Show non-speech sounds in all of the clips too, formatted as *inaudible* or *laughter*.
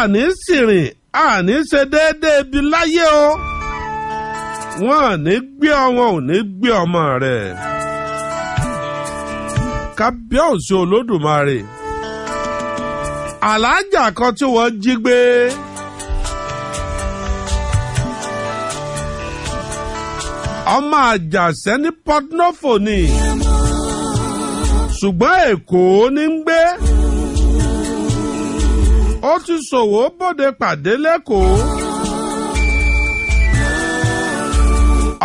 àní sì rìn àní ṣe déédéé bí láyé o wọn ò ní gbé ọmọ ò ní gbé ọmọ rẹ kábíọ̀sì olódùmarè alájà kan tí wọ́n jí gbé. ọmọ àjàṣẹ́ ní port norfolk ni ṣùgbọ́n èkó ní ń gbé. ó ti ṣòwò bóde pàdé lẹ́kọ̀ọ́.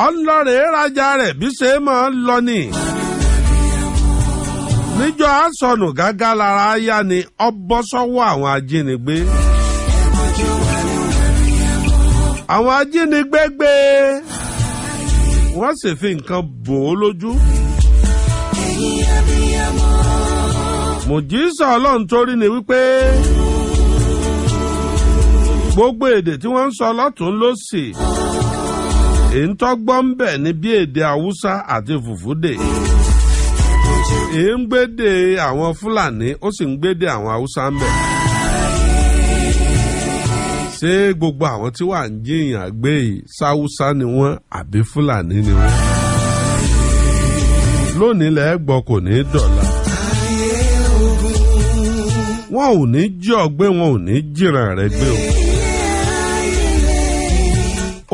ọlọ́rẹ̀ rajà rẹ̀ bí ṣe máa ń lọ ni. níjọ́ àsọnù gágá lára yá ni ọ sọ́wọ́ àwọn ajínigbé. àwọn ajínigbé gbé wọ́n sì fi nǹkan bò ó lójú. mùjísọ̀ ọlọ́run torí ni wípé. gbogbo èdè tí wọ́n ń sọ lọ́tún lósì èyí tó gbọ́ ń bẹ̀ ni bí èdè haúsá àti fùfúdè èyí ń gbédè àwọn fúlàní ó sì ń gbédè àwọn haúsá ń bẹ̀ ṣé gbogbo àwọn tí wàá ń jiyàn gbé yìí sáúsá ni wọ́n àbí fúlàní ni wọ́n lónìí lẹ́ẹ̀gbọ́ kò ní dọ̀la wọn ò ní jọ gbé wọn ò ní jìràn rẹ gbé o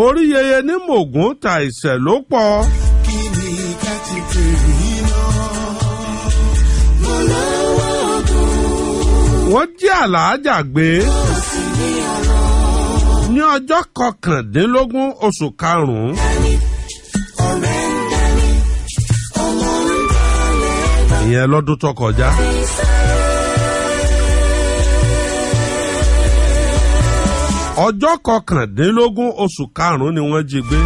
orí yeye ní mògùn ta ìṣẹ̀ ló pọ̀. kí ni ká ti pèrè iná mo lọ́wọ́ ọdún. wọ́n jí àlàájà gbé. ní ọjọ́ kọkàndínlógún oṣù karùn-ún. ìyẹn lọ́dún tó kọjá. ọjọ́ kọkàndínlógún oṣù karùn-ún ni wọ́n jí gbé.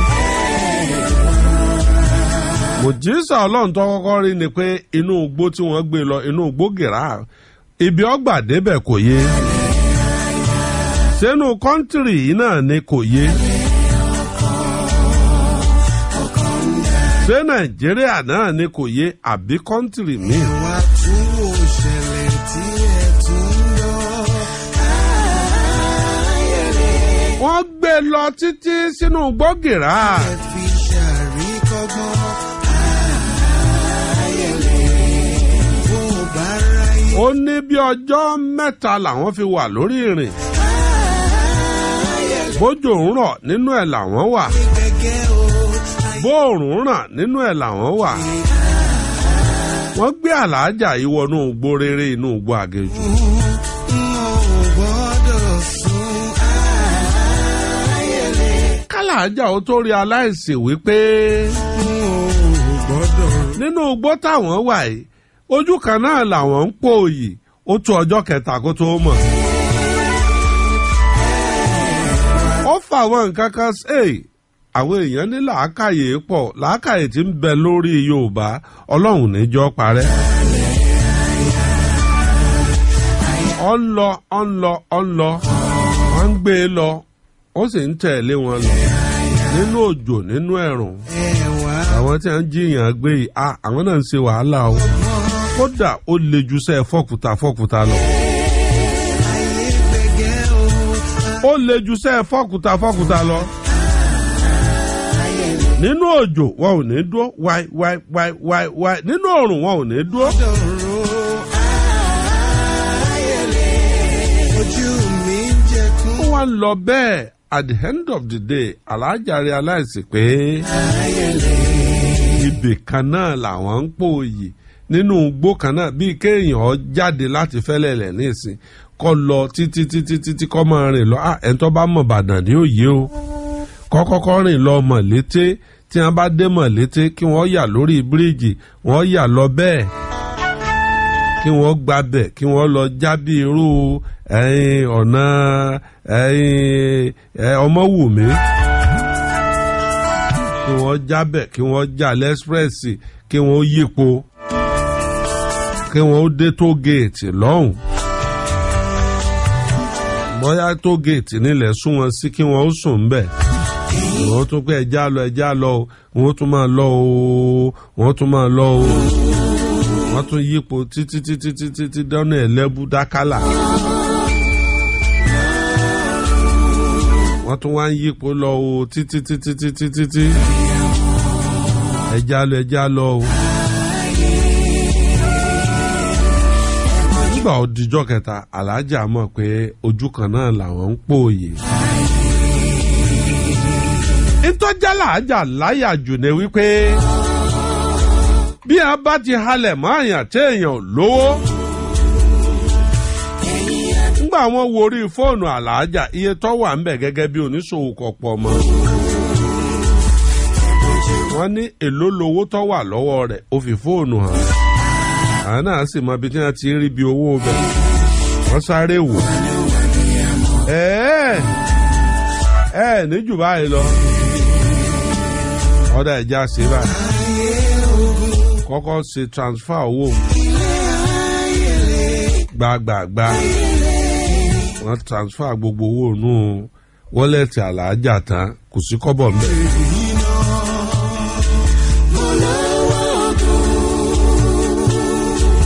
mùjísà ọlọ́run tó kọ́kọ́ rí ni pé inú ugbó tí wọ́n gbé lọ inú ugbó gèrà ibi ọgbà débẹ̀ kò yé sínú kọ́ńtìrì yìí náà ni kò yé ṣé nàìjíríà náà ni kò yé àbí kọ́ńtìrì míì. ìwà tí ó ṣẹlẹ̀ tí ẹ. gbé lọ títí sínú gbọ́gìrà. ó ní bí ọjọ́ mẹ́ta làwọn fi wà lórí ìrìn bójò ń rọ̀ nínú ẹ̀ làwọn wà bóòrùn ràn nínú ẹ̀ làwọn wà wọ́n gbé àlàájà yìí wọnú rere inú igbó àgèjò. aláàjà ó tó realize wípé nínú igbó táwọn wà yìí ojú kan náà làwọn ń pòòyì ó tó ọjọ́ kẹta kó tó mọ̀. ó fà wọn nǹkan kan ṣe àwọn èèyàn ní làákàyè pọ̀ làákàyè tí ń bẹ lórí Yorùbá Ọlọ́run níjọ́ parẹ́. ọ ń lọ ọ ń lọ ọ ń lọ wọ́n ń gbé e lọ ó sì ń tẹ̀lé wọn lọ. nínú òjò nínú ẹ̀rùn àwọn tí a ń jiyàn gbé yìí àwọn náà ń ṣe wàhálà o kódà ó le ju sẹ́ fọ́kùtà fọ́kùtà lọ. ó le ju sẹ́ fọ́kùtà fọ́kùtà lọ. nínú òjò wọn ò ní dúró wáì wáì wáì wáì wáì nínú òrùn wọn ò ní dúró. ó wá lọ bẹ́ẹ̀ at the end of the day alájà realize pé ibì kan náà làwọn ń pòòyì nínú igbó kan náà bíi kéèyàn ọ jáde láti fẹ́lẹ̀ lẹ̀ nísìn kọ́ lọ títí títí títí kọ́ máa rìn lọ ah, ẹni tó bá mọ̀ bàdàn ní òye o kọ́kọ́kọ́ rìn lọ mọ̀ létí tí wọ́n bá dé mọ̀ létí kí wọ́n yà lórí bíríìjì wọ́n yà lọ bẹ́ẹ̀ kí wọ́n gbabẹ̀ kí wọ́n lọ jábí irú ọ̀nà ọmọwùmí kí wọ́n jábẹ̀ kí wọ́n jà lẹ́sprẹ́sì kí wọ́n yípo kí wọ́n dé tó géètì lọ́hùn bóyá tó géètì nílẹ̀ sún wọn sí kí wọ́n sùn bẹ́ẹ̀ wọ́n tún pé ẹja lọ ẹja lọ wọ́n tún máa lọ o wọ́n tún máa lọ o wọ́n tún yípo títí títí títí tí dọ́nà ẹ̀lẹ́bù dákálà. wọ́n tún wá ń yípo lọ o títí títí títí títí ẹja lọ ẹja lọ o. nígbà òdìjọ́ kẹta aláàjà mọ̀ pé ojú kan náà làwọn ń pòòyè. ntọ́jà làájà láyà jù ní wípé. bí a bá ti halẹ̀ mọ́ àyàn tí èèyàn lówó. nígbà wọn wo orí fóònù àlàájá iye tó wà ń bẹ̀ bí oníṣòwò ní lowó tó wà lọ́wọ́ rẹ̀ ó fi fóònù hàn. àwọn sì mọ ibi tí wọ́n ti rí owó bẹ̀. wọ́n sáré wò. lọ. kọ́kọ́ ṣe transfer owó gbàgbàgbà wọ́n transfer gbogbo owó nù wọ́lẹ̀tì àlàájà tán kò sí kọ́bọ̀ mbẹ́.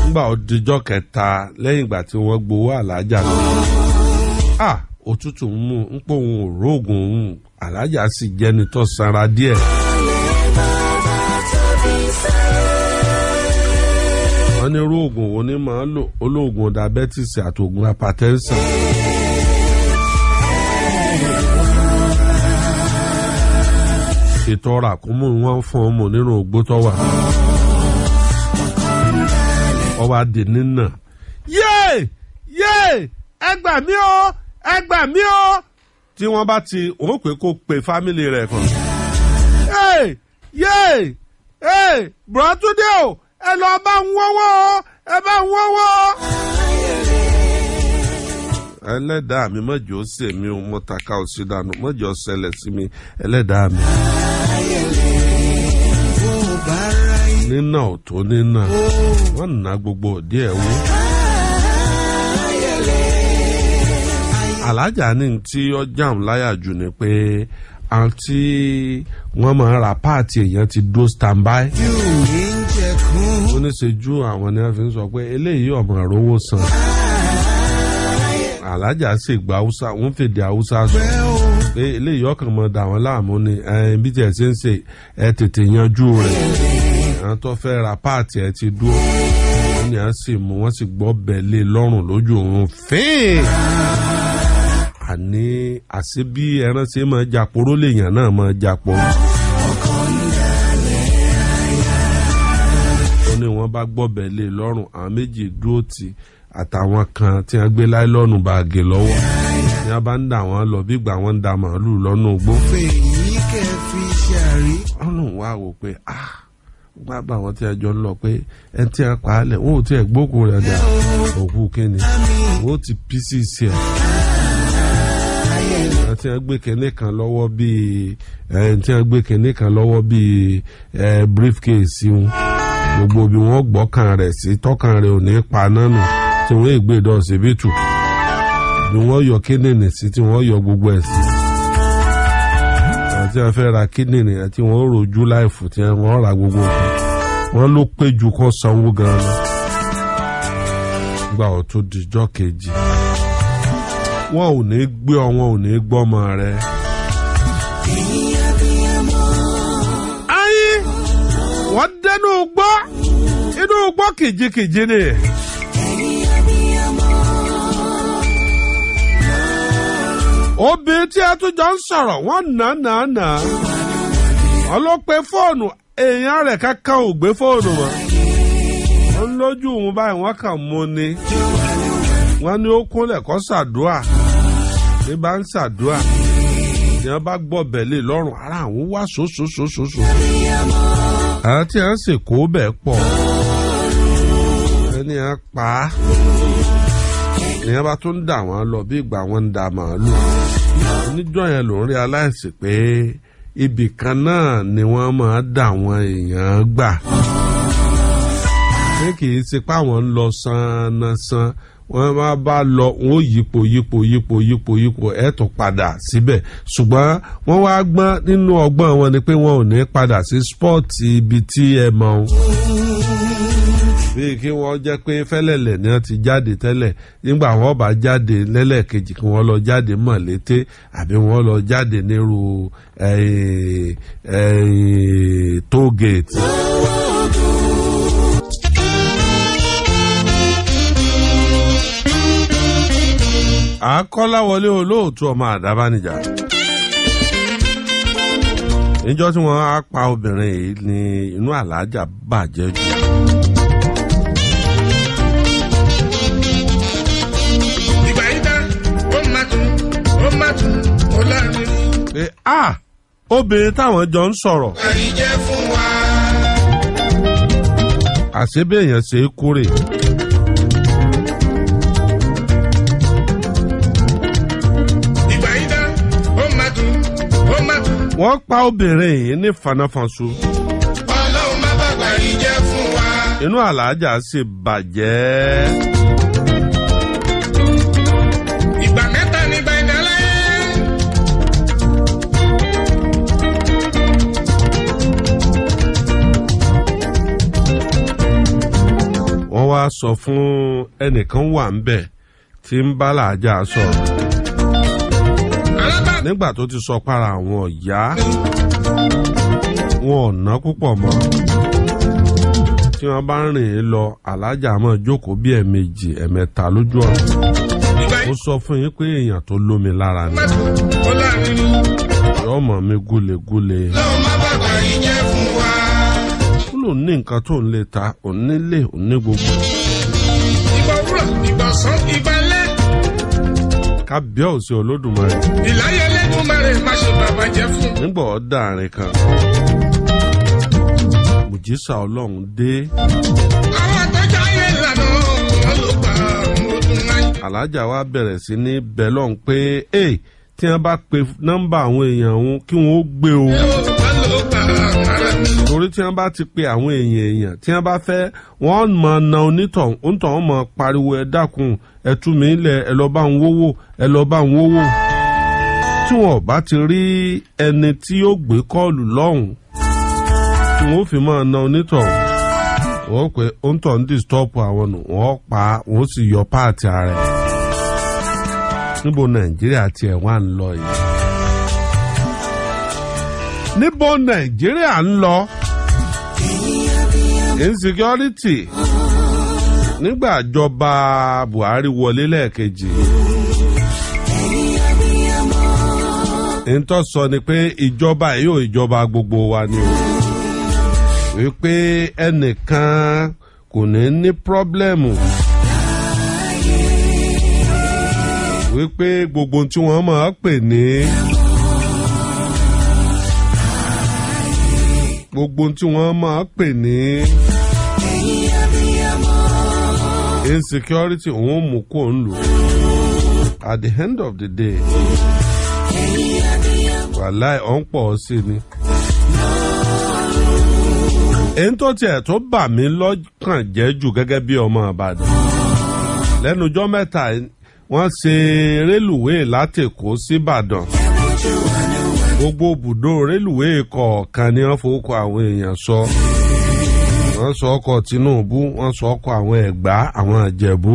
nígbà ọdíjọ́ kẹta lẹ́yìn ìgbà tí wọ́n gbowó àlàájà náà òtútù ń mú ń pòun òrógùn òun sì jẹ́ni tó sanra díẹ̀. wọ́n ní irú oògùn wo ni màá lò olóògùn diabetes àti oògùn hypertension. ètò ọrọ̀ àkómọ wọn ń fún ọmọ nínú ògbó tó wà. ọba dè nínà. yéè yéè ẹ gbà mí o ẹ gbà mí o. tí wọ́n bá ti òun pé kó pe fámìlì rẹ̀ kan. yéè yéè ẹ bùrọ̀túndé o. ẹ ọba nwọwọ ń wọ́wọ́ ẹ bá ń wọ́wọ́. ẹlẹ́dàá mi mọ̀jọ́ ṣe mi ò ò sí dànù mi ẹlẹ́dàá mi. nínà ò tó nínà wọ́n nà gbogbo òdí ẹ̀ wú. alájà ọjà ń láyà jù ni ti stand oníṣẹ́jú àwọn ni wọ́n fi ń sọ pé eléyìí ọmọ rówó san alájà sì gba haúsá wọ́n fèdè haúsá sọ oh. pé eléyìí ọkàn mọ dà wọ́n láàmú ni bí tí ẹ ṣe ń ṣe ẹ tètè yanjú rẹ̀ àwọn tó fẹ́ ra páàtì ẹ ti dúró wọ́n ni wọ́n sì mú wọ́n sì gbọ́ bẹ̀lẹ́ lọ́rùn lójú òun fíìn àní àṣebí ẹran ṣe máa jàporó lèèyàn náà máa jàporó. wọ́n bá gbọ́bẹ̀ lé lọ́rùn àwọn méjì dúró tì àtàwọn kan tí wọ́n gbé láìlọ́ọ̀nù báàgì lọ́wọ́ ni wọ́n bá ń dà wọ́n lọ bí ìgbà wọ́n ń da màálùú lọ́nà ògbó. fèyí wá wò pé gbàgbà ah, àwọn tí a jọ ń lọ pé ẹ tí a pa á lẹ wọn ò tí ẹ gbókùn rẹ dà òkú kíni wọn ò ti pieces ẹ tí wọ́n gbé kẹ́ní kan lọ́wọ́ bíi tí wọ́n gbé kẹ́ní kan lọ́wọ́ bíi briefcase wọn. gbogbo bí wọn gbọ́ kan rẹ̀ sí tọ́kan rẹ̀ ò ní pa nánu tí wọ́n ègbè e dọ̀sibítù bí wọn yọ kíndìnrín sí tí wọn yọ gbogbo ẹ̀ sí tí wọ́n fẹ́ ra kíndìnrín àti wọ́n rojú láìfù tí wọ́n ra gbogbo nǹkan wọ́n ló pé ju kó sanwó gan lọ gba ọ̀tún dijọ́ kejì wọn ò ní gbé ọ wọn ò ní gbọ́mọ rẹ. ayé wọ́n dẹnu gbọ́. mo gbọ́ kìjikìji ni. obì tí ẹ tún jọ ń sọ̀rọ̀ wọ́n nà nà nà wọ́n pe fóònù èèyàn rẹ̀ kankan ò gbé fóònù wọn. wọ́n lójú òun báyìí wọ́n kàn mú ni wọ́n ní ó kúnlẹ̀ bá ń ni bá gbọ́ bẹ̀lẹ̀ lọ́rùn ara àwọn wá àti tẹ́nìyàn pa á èèyàn bá tún dà wọ́n lọ bí ìgbà wọn ń da màálù níjọ́ yẹn ló ń rí aláìsí pé ibì kan náà ni wọ́n máa dà wọ́n èèyàn gbà pé kì í ṣe páwọn ń lọ san-an-san máa bá lọ wọ́n yípo yípo yípo yípo yípo ẹ̀ padà síbẹ̀ ṣùgbọ́n wọ́n wá gbọ́n nínú ọgbọ́n wọn ni pé wọn ò ní padà sí spọ́ọ̀tì ibi tí ẹ mọ̀ bíi kí wọ́n jẹ́ pé fẹ́lẹ̀lẹ̀ ni wọ́n ti jáde tẹ́lẹ̀ nígbà wọ́n bá jáde lẹ́lẹ́kejì kí wọ́n lọ jáde mọ̀lété àbí wọ́n lọ jáde nírú eh, eh, toll gate. àkọ́láwọlé olóòtú ọmọ àdábánijà níjọ́ tí wọn á pa obìnrin yìí ni inú àlàájá bàjẹ́ jù. pé ah obìnrin táwọn jọ ń sọ̀rọ̀. ẹ̀yin jẹ́ fún wa. àṣebéèyàn ṣe é kúrè. ìgbà yín dá ó má dùn ó má dùn. wọ́n pa obìnrin yìí ní fanáfanṣu. ọlọ́run má bàgbà yín jẹ́ fún wa. inú àlàájá sì bàjẹ́. wá sọ fún ẹnìkan wà ń bẹ̀ tí ń bá làájá sọ̀rọ̀ nígbà tó ti sọ para àwọn ọ̀yá wọn ò ná púpọ̀ mọ́ tí wọ́n bá ń rìn lọ alájà máa jókòó bí ẹ̀ẹ̀mejì ẹ̀ẹ̀mẹ́ta lójú ọ̀nà ó sọ fún yín pé èèyàn tó lómi lára ni ọmọ mi gúlegúle. lọ́ọ́ má bàbá yìí jẹ́ fún wa. òní nǹkan tó ń lè ta òní lè òní gbogbo. ìgbà òwúrọ̀ ìgbà ọ̀sán ìgbà ńlẹ́. kábíọ́ọ̀sì olódùmarè. ìláyé lẹ́dùnmarè ṣe bàbá jẹ fún. nígbà ọ̀dà àárín kan. mùjísà ọlọ́run dé. àwọn ayé ìlànà alájà wa bẹ̀rẹ̀ sí ní bẹ́lọ̀ pé tí wọ́n bá pe nọ́mbà àwọn èèyàn òun kí wọ́n ó gbé torí tí wọ́n bá ti pe àwọn èèyàn èèyàn tí wọ́n bá fẹ́ wọ́n mọ na onítàn onítàn mọ pariwo ẹ dákun ẹ tú mi lẹ̀ ẹ lọ bá ń wówó ẹ lọ bá ń wówó tí wọ́n bá ti rí ẹni tí yóò gbé kọ́ọ̀lù lọ́hùnún tí wọ́n fi máa na onítàn wọ́n pé onítàn disturb àwọn nù wọ́n pa wọ́n sì yọ páàtì ara ẹ̀ níbo nàìjíríà tiẹ̀ wá ń lọ yìí níbo nàìjíríà ń lọ insecurity nígbàjọba Buhari wọlé lẹ́ẹ̀kejì ntọ́ sọ ni pé ìjọba yóò ìjọba gbogbo wa ni o wípé ẹnìkan kò ní ní pírọ́blẹ́mù wípé gbogbo tí wọ́n máa pè ní. gbogbo tí wọ́n máa pè ní insecurity òun mú kó ń lò at the end of the day wàláì ọ̀ ń pọ̀ sí ni èyí tó tiẹ̀ tó bà mí lọ́kàn jẹ́ jù gẹ́gẹ́ bí ọmọ Ìbàdàn lẹ́nujọ́ mẹ́ta wọ́n ṣe rélùwéè látèkó síbàdàn gbogbo bùdó rélùwé kọ̀ọ̀kan ni wọ́n fowókọ àwọn èèyàn sọ wọ́n sọ ọkọ̀ Tinubu wọ́n sọ ọkọ̀ àwọn Ẹ̀gbá àwọn Ìjẹ̀bú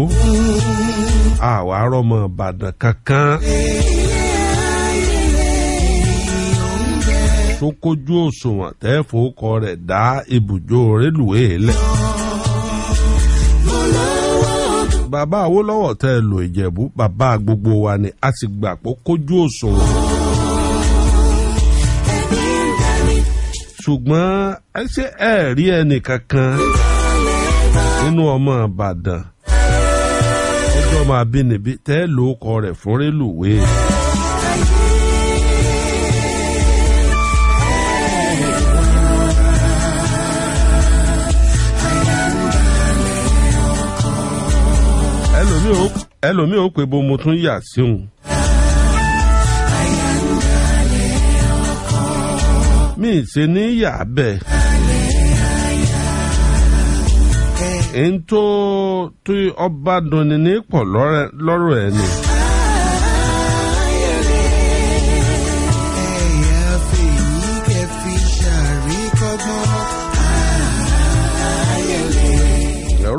àwa rọmọ Ìbàdàn kankan tó kójú òṣùwọ̀n tẹ́ fowókọ rẹ̀ dá ibùdó rélùwé lẹ̀ bàbá Awólọ́wọ̀ tẹ́ lò Ìjẹ̀bú bàbá gbogbo wa ni a sì gbà pé kójú òṣùwọ̀n. ṣùgbọ́n ẹ ṣe ẹ rí ẹnì kankan nínú ọmọ Ìbàdàn ọjọ́ ọmọ abínibí tẹ́ ló kọ rẹ̀ fún rélùwéè. ẹlòmíì ó pè bó mo tún yà sí òun. mi ṣe ní yàbẹ̀ ń tó tí ọba dunni ní pọ̀ lọ́rọ̀ ẹ̀ ni.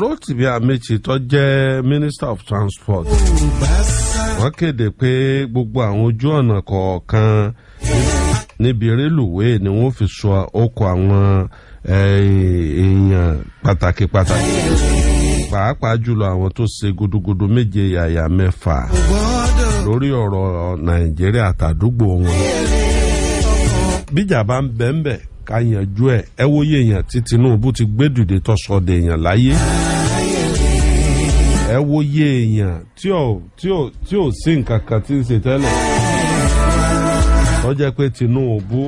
Rotimi Amechi tó jẹ́ Minister of Transport wọ́n kéde pé gbogbo àwọn ojú ọ̀nà kọ̀ọ̀kan. Yeah níbi rélùwéè ni wọ́n fi sọ ọkọ̀ àwọn èèyàn pàtàkì pàtàkì pàápàá jùlọ àwọn tó ṣe gudugudu méje yàyà mẹ́fà lórí ọ̀rọ̀ nàìjíríà tàdúgbò wọn. bíjà bá ń bẹ́ẹ̀ bẹ́ẹ̀ ká yanjú ẹ̀ ẹ wòye èèyàn tí Tinubu ti gbé dìde tọ́sọ̀dẹ̀ èèyàn láyé ẹ wòye èèyàn tí ò tí ò tí ò sí nǹkan kan tí ń ṣe tẹ́lẹ̀. tọ́jà pé Tinubu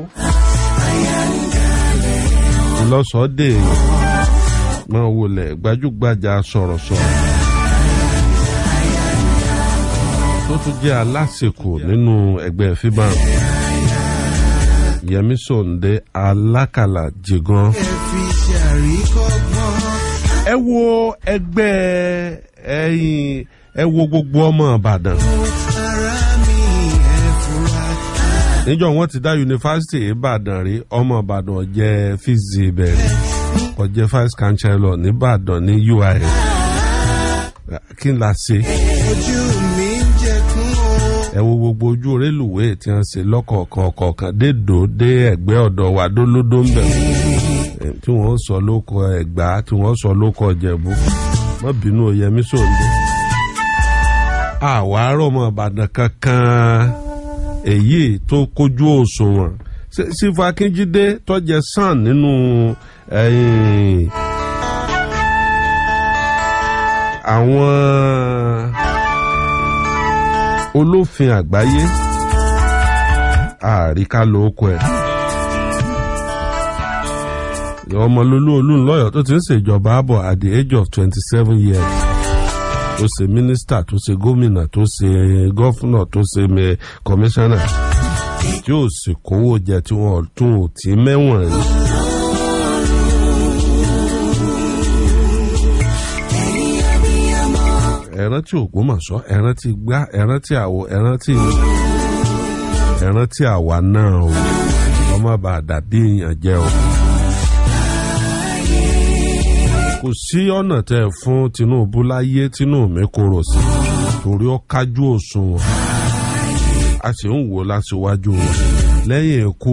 lọ́sọ̀ọ́dẹ̀ máa wọlé gbajúgbajà sọ̀rọ̀sọ̀rọ̀ tó tún jẹ́ alásèkò nínú ẹgbẹ́ fíbàn Yẹmí Sòǹdé alákàlà jìgan. ẹ wo ẹgbẹ́ ẹ̀yìn ẹ wo gbogbo ọmọ Ìbàdàn. níjọ́ wọn ti dá yunifásitì ìbàdàn rí ọmọ ìbàdàn ọ̀jẹ̀ fíìsì ìbẹ̀rẹ̀ ọ̀jẹ̀ vice chancellor nìbàdàn ní UIN kí n la ṣe. ẹ wo gbogbo ojú rélùwéè tí wọ́n ṣe lọ́kọ̀ọ̀kan ọ̀kọ̀ọ̀kan dédò dé ẹ̀gbẹ́ ọ̀dọ̀ wà dólódó ń bẹ̀rẹ̀ tí wọ́n sọ lóko ẹ̀gbá tí wọ́n sọ lóko ọ̀jẹ̀bú mọ́ bínú oyèmí sòǹdó àwa arọ́mọ ìbàdàn kankan èyí tó kójú òṣùwọ̀n sífà akínjídé tọ́jẹ sàn nínú àwọn olófin àgbáyé àríkà lóko ẹ̀ ọmọlólú olúńlọ́yọ̀ tó ti ń ṣèjọba àbọ̀ at the age of twenty seven years tó ṣe mínísítà tó ṣe gómìnà tó ṣe gọ́fúnà tó ṣe kọmíṣánná tí ò sì kówó jẹ tí wọn tún ò tí mẹ́wọ̀n rí. ẹran tí Ògbómọ̀ṣọ́ ẹran tí gbá ẹran tí àwọ̀ ẹran tí ẹran tí àwa náà o ọmọ bàdà bí èèyàn jẹ́ o kò sí ọ̀nà tẹ̀ fún Tinubu láyé tínú mi korò sí torí ó kájú òṣùwọ̀n a sì ń wò láṣíwájú wọn lẹ́yìn ikú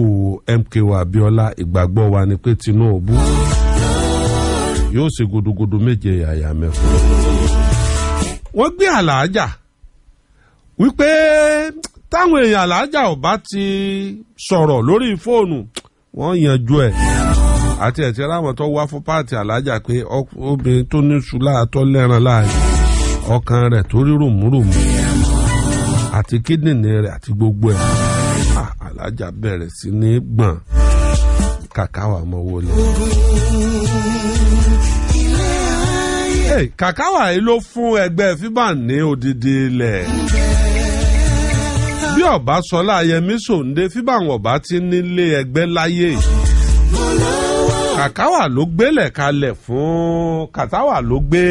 MKO Abiola ìgbàgbọ́ wa ni pé Tinubu yóò ṣe gudugudu méje yàyà mẹ́fọ́. wọ́n gbé àlàájà wípé táwọn èèyàn àlàájà ò bá ti sọ̀rọ̀ lórí fóònù wọ́n yanjú ẹ̀ àti ẹ̀tí aláwọ̀ tó wá fún páàtì alájà pé obìnrin tó ní ṣù láàtọ́ lẹ́ran láàyè ọkàn rẹ̀ tó rí rùmùrùmù àti kídìnrín rẹ̀ àti gbogbo ẹ̀ alájà bẹ̀rẹ̀ sí ní gbọ̀n kàkà wà mọ́ wọlé. kàkàwà yìí ló fún ẹgbẹ́ fíbà ní odidi ilẹ̀ bí ọba sọlá yẹmí sòǹde fíbà wọn ọba ti nílé ẹgbẹ́ láyé kàkáwà ló gbélẹ̀ kalẹ̀ fún kàtáwà ló gbé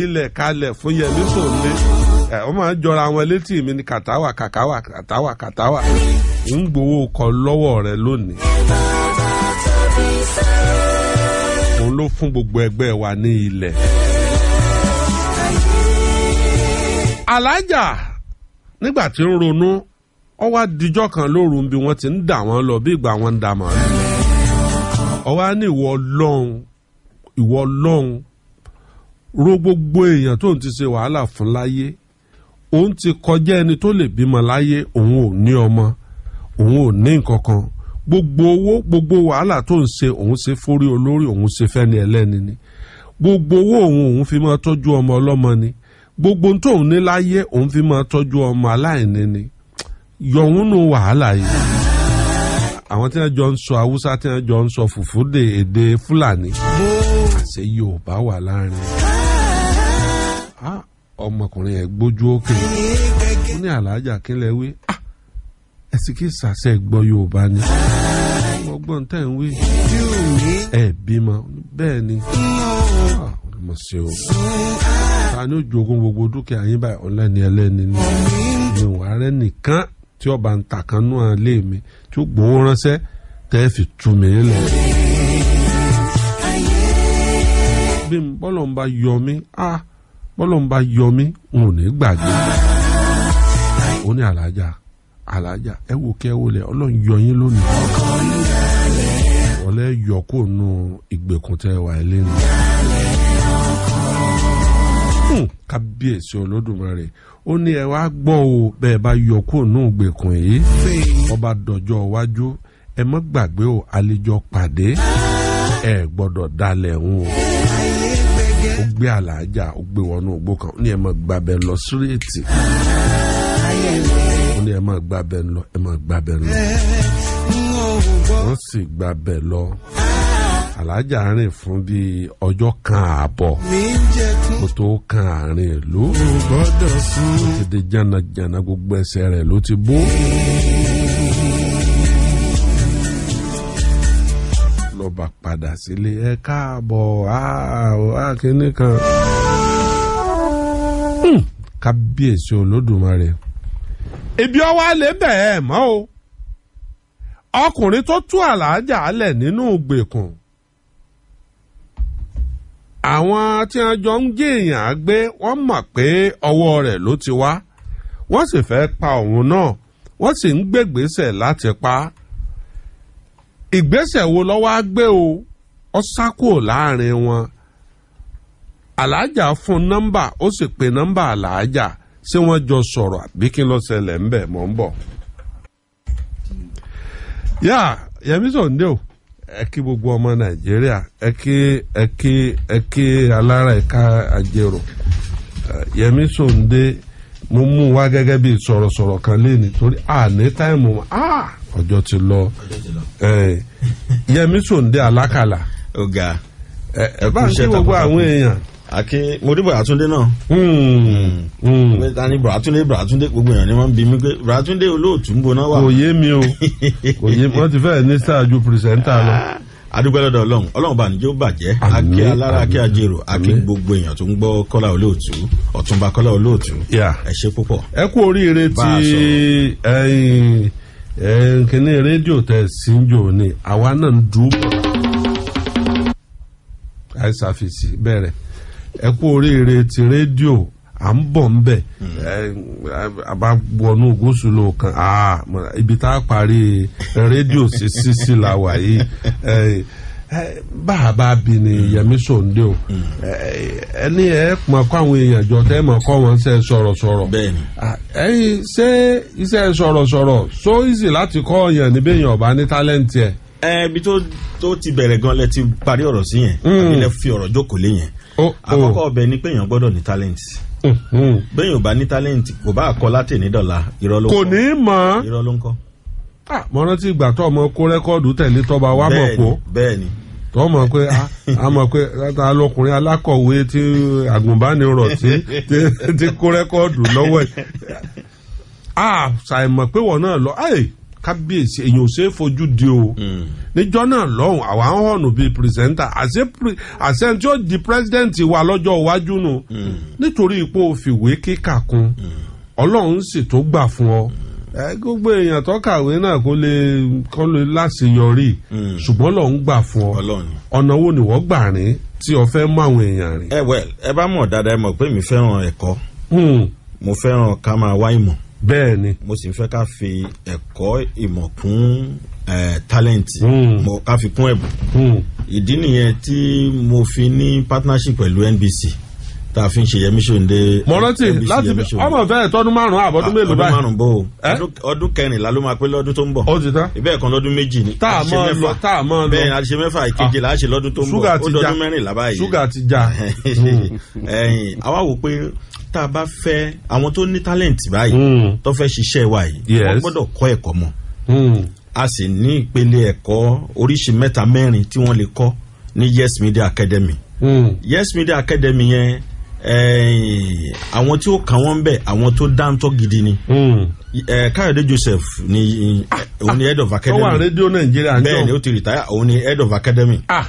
ilẹ̀ kalẹ̀ fún yẹmí sòlé ẹ wọ́n máa ń jọra wọn létí mi ní kàtáwà kàkáwà kàtáwà kàtáwà ń gbowó kọ lọ́wọ́ rẹ lónìí. òun ló fún gbogbo ẹgbẹ́ wa ní ilẹ̀. alájà nígbà tí ń ronú ó wá kan lóru bí wọ́n ti ń dà wọ́n lọ bí ìgbà wọn ń dà màálù ọwọ́ á ní ìwọ ọlọ́run ìwọ ọlọ́run ro gbogbo èèyàn tó ń ti ṣe wàhálà fún láyé òun ti kọjá ẹni tó lè bímọ láyé òun ò ní ọmọ òun ò ní nǹkan kan gbogbo owó gbogbo wàhálà tó ń ṣe òun ṣe fórí olórí òun ṣe fẹ́ni ẹlẹ́ni ni gbogbo owó òun òun fi máa tọ́jú ọmọ ọlọ́mọ ni gbogbo tóun ní láyé òun fi máa tọ́jú ọmọ aláìní ni yọ̀hún wàhálà yìí àwọn tí wọ́n jọ ń sọ haúsá tí wọ́n jọ ń sọ fùfú de èdè fúlàní àṣẹ yorùbá wà láàrin ọmọkùnrin ẹ̀ gbójú òkè ó ní àlàájá kílẹ̀ wí ẹ sì kí sàṣẹ gbọ́ yorùbá ni ọgbọ́n tẹ̀ ń wí ẹ bímọ bẹ́ẹ̀ ni mo ṣe o ta ni ó jogún gbogbo dúkìá yín báyìí ọ̀lẹ́ni ẹlẹ́ni ni ìwà rẹ nìkan tí ọba ń takànnú àlé mi tí ó gbowó ránṣẹ́ tẹ́ fi tu mí lẹ̀. bí bọ́lọ̀ ń bá yọ mí á bọ́lọ̀ ń bá yọ mí n ò ní gbàgbé. ó ní alájà alájà ẹ wò kẹ́ wò lẹ̀ ọlọ́run yọ yín lónìí. ọlẹ́ yọ kó nu ìgbèkùn tẹ́ wà ẹ́ lẹ́nu kábíyèsí olódùmarè ó ní ẹ wá gbọ́ o bẹ́ẹ̀ bá yọ kúrò ní ìgbèkùn yìí ọba dọjọ́ iwájú ẹ mọ́ gbàgbé o àlejò pàdé ẹ gbọ́dọ̀ dalẹ̀ ń o ó gbé àlàájá ó gbé wọnú ògbó kan ó ní ẹ mọ́ gbàbẹ lọ síréètì ó ní ẹ mọ́ gbàbẹ lọ ẹ mọ́ gbàbẹ lọ wọ́n sì gbàbẹ lọ. alájà rìn fún bí ọjọ́ kan ààbọ̀ kó tó kan àárín ìlú ó ti di jànàjànà gbogbo ẹsẹ̀ rẹ̀ ló ti bó. lọ́ba padà sílé ẹ káàbọ̀ àkíní kan hmm, kábíyèsí olódùmarè ibi ọwọ́ alẹ́ bẹ́ẹ̀ mọ́ o ọkùnrin tó tú àlàájá alẹ̀ nínú àwọn tí wọn jọ ń jí èèyàn àgbé wọ́n mọ̀ pé ọwọ́ rẹ̀ ló ti wá wọn sì fẹ́ pa òun náà wọ́n sì ń gbègbèsè láti pa á ìgbésẹ̀ wo lọ́wọ́ á gbé o ọ sá kúrò láàrin wọn alájà fún nọ́mbà ó sì pe nọ́mbà alájà ṣé wọ́n jọ sọ̀rọ̀ àbí kí ló ṣẹlẹ̀ ń bẹ̀ mọ́ ń bọ̀. yá yẹmí sọ̀ o. ẹ gbogbo ọmọ nàìjíríà ẹ alára ẹ̀ka àjẹrò yẹmí sòǹde mo mú wa gẹ́gẹ́ bí sọ̀rọ̀sọ̀rọ̀ kan léèní torí àní táìmù ọjọ́ ti lọ yẹmí sòǹde alákàlà ẹ bá ń kí gbogbo àkí mo rí bùràtúndé náà. pé hmm. hmm. hmm. ta ni bùràtúndé bùràtúndé gbogbo èèyàn ni wọ́n ń bi mí pé bùràtúndé olóòtú ń boná wà. kò yé mi o kò yé mi ti fẹ́ẹ̀ ní sáà ju pìrìsẹ́ńtà lọ. adúgbò ah, lọ́dọ̀ ọlọ́run ọlọ́run bá níjó bàjẹ́ àkí alára àkí Ajérò àkí gbogbo èèyàn tó ń gbọ́ kọ́lá olóòtú ọ̀túnba kọ́lá olóòtú ẹ ṣé púpọ̀. ẹ kú oríire ti kíní rédíò tẹ̀ síjò ni àwa náà ń dùn. àìsàfìsì bẹ́ẹ̀ rẹ̀ ẹ oríire ti rédíò à ń bọ̀ ń bẹ̀ ló kan ibi tá a parí rédíò sí la bi ni yẹmi sọ̀ndé o ẹni mm. ẹ mọ kọ àwọn èèyàn jọ tẹ mọ kọ wọn ṣe sọ̀rọ̀sọ̀rọ̀ ẹyin ṣé iṣẹ́ sọ̀rọ̀sọ̀rọ̀ so easy láti kọ́ ọ̀yàn níbẹ̀ yẹn ọ̀bá ní tálẹ́ǹtì ẹ ti bẹ̀rẹ̀ gan lẹ ti parí ọrọ sí yẹn mm. àbí fi ọrọ jókòó lé Oh, àkọ́kọ́ oh. ọbẹ̀ ni pé èèyàn gbọ́dọ̀ ní talent hmm, hmm. bẹ́ẹ̀ ò bá ní talent kò bá kọ́ láti ní dọ̀la irọ́ ló ń kọ́ kò ní í mọ̀ irọ́ ló ń kọ́. Ah, mo rántí ìgbà tó ọmọ kó rẹ́kọ́ọ̀dù tẹ̀lé tọ́ba wa mọ̀ kó bẹ́ẹ̀ni tó mọ̀ pé a mọ̀ pé ta lọkùnrin alákọ̀wé tí àgùnbánirọ̀ tí kó rẹ́kọ́ọ̀dù lọ́wọ́ ẹ̀ a ah, ṣàìmọ̀ pé wọ́n náà lọ kábíyèsí èyàn ò ṣe é fojú di o hmm. níjọ́ náà lọ́hùn àwa ń bíi pírẹsẹ́ńtà àṣẹ ó di pírẹsidẹ́ǹtì wa lọ́jọ́ iwájú nù hmm. nítorí ipò fìwé kíkà kún hmm. ọlọ́run sì tó gbà fún ọ gbogbo èèyàn tó kàwé náà kó lè kó lè láṣeyọrí ṣùgbọ́n lọ́hùn gbà fún ọ ọ̀nà wo ni wọ́n gbà rìn tí o fẹ́ mọ àwọn èèyàn rìn. ẹ eh, wẹ ẹ bá mọ̀ dáadáa mọ̀ pé mi fẹ́ràn ẹ̀kọ́ mo fẹ́ràn ká máa wá ìmọ̀ bẹ́ẹ̀ ni mo sì fẹ́ ká fi ẹ̀kọ́ ìmọ̀ kún talenti hmm. mo ká fi kún ẹ̀bùn hmm. ìdí nìyẹn tí mo fi ní partnership pẹ̀lú NBC tá a fi ń ṣe yẹmí ṣòǹde. mo rántí láti ọmọ fẹ́ tọdún márùn àbọ̀dún ah, mélòó báyìí. ọdún márùn bò ó ọdún kẹrìnlá ló máa pé lọ́dún tó ń bọ̀. ó ti tán. ìbẹ́ẹ̀ kan lọ́dún méjì ni. tá a mọ lọ tá a mọ lọ. bẹ́ẹ̀ àṣẹ mẹ́fà ìkeje là á ṣe lọ́dún tó ń bọ̀ ó dọdún mẹ́rìnlá báyìí. ṣúgà ti já. *laughs* Hmm. ẹ̀yin àwa wò pé tá a bá fẹ́ àwọn tó ní talent báyìí hmm. tó fẹ́ ṣiṣẹ́ wa yìí wọ́n gbọ́dọ̀ kọ́ ẹ̀kọ́ mọ́ hmm. a sì ní ìpele ẹ̀kọ́ oríṣi mẹ́ta mẹ́rin tí wọ́n lè kọ́ ní Yes Media Academy hmm. Yes Media Academy yẹn eh, àwọn tí ó kàn wọ́n bẹ̀ àwọn tó dáńtọ́ gidi ni eh, Káyọ̀dé Joseph ni òun ni head of academy ó wà rédíò Nàìjíríà bẹ́ẹ̀ ni ó ti rìtáyà òun ni head of academy ah.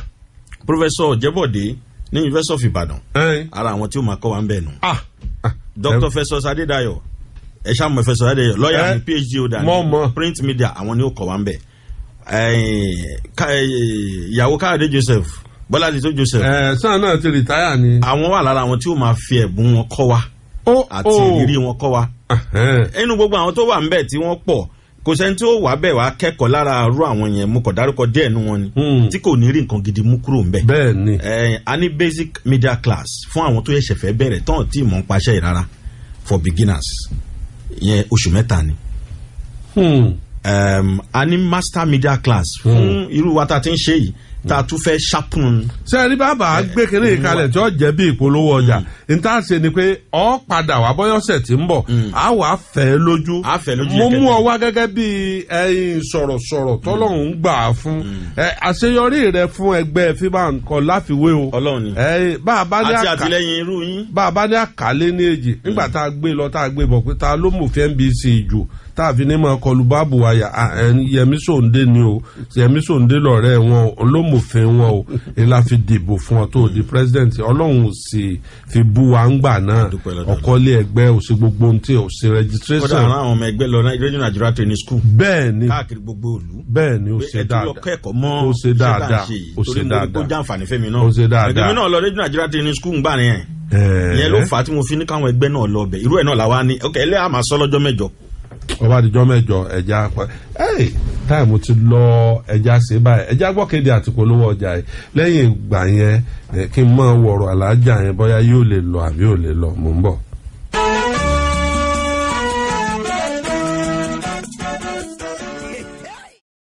Professor Jẹ́bọ̀dé ní University of Ibadan ara àwọn tí ó máa kọ́ wa ń bẹ̀ nù. Ah, ah, Dr. Festus Adédayọ̀ ẹ ṣàmọ Festus Adédayọ̀ lọ́ọ̀yà ní PhD holder ní print media àwọn ni ó kọ́ wa ń bẹ̀. ìyàwó Káyọ̀dé Joseph Bọ́lájí tó Joseph. ẹ sáà náà ti rìtáyà ni. àwọn wà lára àwọn tí ó máa fi ẹ̀bùn wọn kọ́ wa àti ìrírí wọn kọ́ wa. ẹnu gbogbo àwọn tó wà ń bẹ̀ tí wọ́n pọ̀ kò sẹ́ni tí ó wà bẹ́ẹ̀ wá kẹ́kọ̀ọ́ lára arú àwọn yẹn mo kọ̀ dárúkọ díẹ̀ nu wọn ni hmm. tí kò ní rí nǹkan gidi mú kúrò ńbẹ. bẹ́ẹ̀ni. ẹ eh, a ní basic media class fún àwọn tó ṣẹ̀ṣẹ̀ fẹ́ bẹ̀rẹ̀ tán tí mò ń paṣẹ ìrara for beginners yẹn oṣù mẹ́ta ni. Hmm. a ní master media class fún hmm. irú wa tá ti ń ṣe yìí tá a tún fẹ́ ṣàpùn. sẹ́ẹ̀rí bàbá gbé kínní yìí mm, kalẹ̀ tí ó jẹ́ bí ìpolówó ọjà mm. n tá a ṣe ni pé ọ padà wá bọ́yọ̀sẹ̀ tí ń bọ̀ á wà á fẹ́ lójú mo mú ọ wá gẹ́gẹ́ bí ẹyin sọ̀rọ̀sọ̀rọ̀ mm. tọ́lọ́hún gbà á fún àṣeyọrí rẹ fún ẹgbẹ́ fíbàǹkọ láfiwé o bàbá ní àkàlẹ́ ní èjì nígbà tá a gbé lọ tá a gbé bọ̀ pé ta ló mọ̀ fẹ́ NBC jù tá a fi ní mọ kọlu báàbù wa yẹmí sòǹdé ni o yẹmí amòfin wọn o *laughs* ni la fi dìbò fún ọ tó di president ọlọ́run ò sì fi bú wa ń gbà náà ọkọlé ẹgbẹ́ ò sí gbogbo ohun tí ò sí registration. kódà àwọn àwọn ọmọ ẹgbẹ́ lọ regional Nigeria training school. bẹ́ẹ̀ni káàkiri gbogbo òlu. bẹ́ẹ̀ni o ṣe dáadáa o ṣe dáadáa o ṣe dáadáa torí mo jẹ́ àǹfààní fẹ́mi náà ó ṣe dáadáa èmi náà lọ regional Nigeria training school ń gbà nìyẹn ìyẹn ló fà á tí mo fi ní káwọn ẹgbẹ́ náà lọ bẹ̀ irú ẹ̀ náà làwa ní ok ẹlẹ́yà máa sọ lọ́jọ́ mẹ́jọ ọba àdìjọ mẹjọ ẹja pa ẹyìn táìmù ti lọ ẹja ṣe báyìí ẹja gbọ́kéde àtìkò olówó ọjà yìí lẹ́yìn ìgbà yẹn kí n máa wọ̀rọ̀ àlàájá yẹn bóyá yóò lè lọ àbí yóò lè lọ mò ń bọ̀.